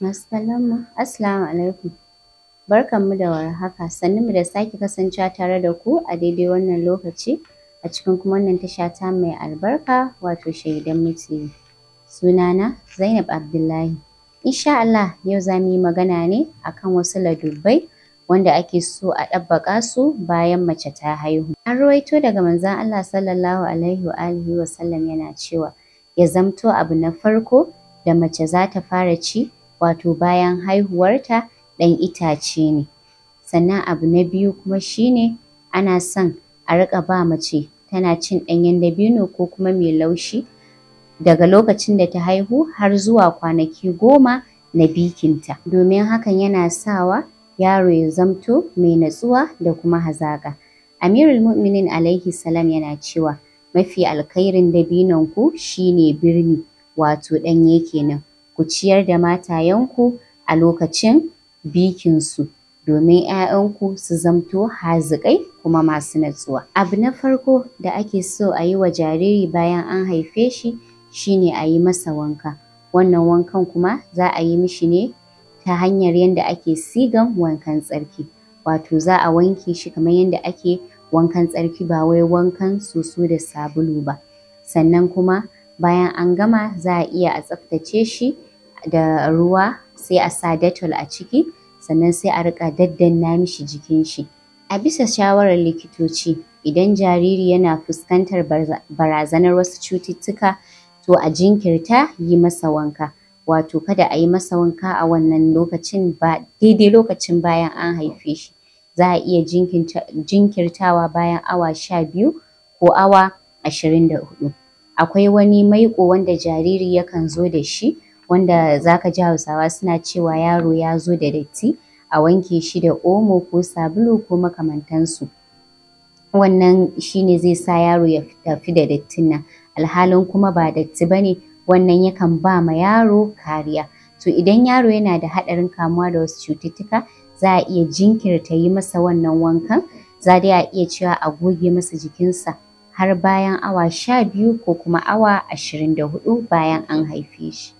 Masu kallonmu, Assalamu alaikum. Barkanmu da warhaka, mu da sake kasancewa tare da ku a daidai wannan lokaci a cikin kuma wannan tasha ta mai albarka wato Shaidan Suna Sunana Zainab Abdullahi. Insha Allah yau za mu yi magana ne akan wasu ladubbai wanda ake so a ɗabbaƙa su bayan mace ta haihu. An ruwaito daga manzon Allah sallallahu alaihi wa alihi wa sallam yana cewa ya zamto abu na farko da mace za ta fara ci wato bayan haihuwarta ɗan itace ne. Sannan abu na biyu kuma shi ne ana son a riƙa ba mace tana cin ɗanyen dabino ko kuma mai laushi daga lokacin da ta haihu har zuwa kwanaki goma na bikinta domin hakan yana sawa yaro ya zamto mai natsuwa da kuma hazaƙa. Amirul Mu'minin alaihi salam yana cewa mafi alkhairin dabinonku shine birni wato ɗanye kenan. ku ciyar da matayenku a lokacin bikinsu domin ‘ya'yanku su zamto hazikai kuma masu natsuwa. Abu na farko da ake so a yi wa jariri bayan an haife shi shi ne a yi masa wanka. Wannan wankan kuma za a yi mishi ne ta hanyar yadda ake sigan wankan tsarki. Wato za a wanke shi kamar yadda ake wankan tsarki ba wai wankan soso da sabulu ba. Sannan kuma bayan an gama za a iya a tsaftace shi da ruwa sai a sa datol a ciki sannan sai a riƙa daddanna mishi jikin shi a bisa shawarar likitoci idan jariri yana fuskantar barazanar wasu cututtuka to a jinkirta yi masa wanka wato kada a yi masa wanka a wannan lokacin ba daidai lokacin bayan an haife shi za a iya jinkirtawa bayan awa sha biyu ko awa ashirin da hudu akwai wani maiƙo wanda jariri yakan zo da shi wanda zaka ji Hausawa suna cewa yaro ya zo da datti a wanke shi da omo ko sabulu ko makamantansu. Wannan shine zai sa yaro ya tafi da dattin nan alhalin kuma ba datti bane wannan yakan ba ma yaro kariya. To idan yaro yana da haɗarin kamuwa da wasu cututtuka za a iya jinkirta yi masa wannan wankan za dai a iya cewa a goge masa jikinsa har bayan awa sha biyu ko kuma awa ashirin da hudu bayan an haife shi.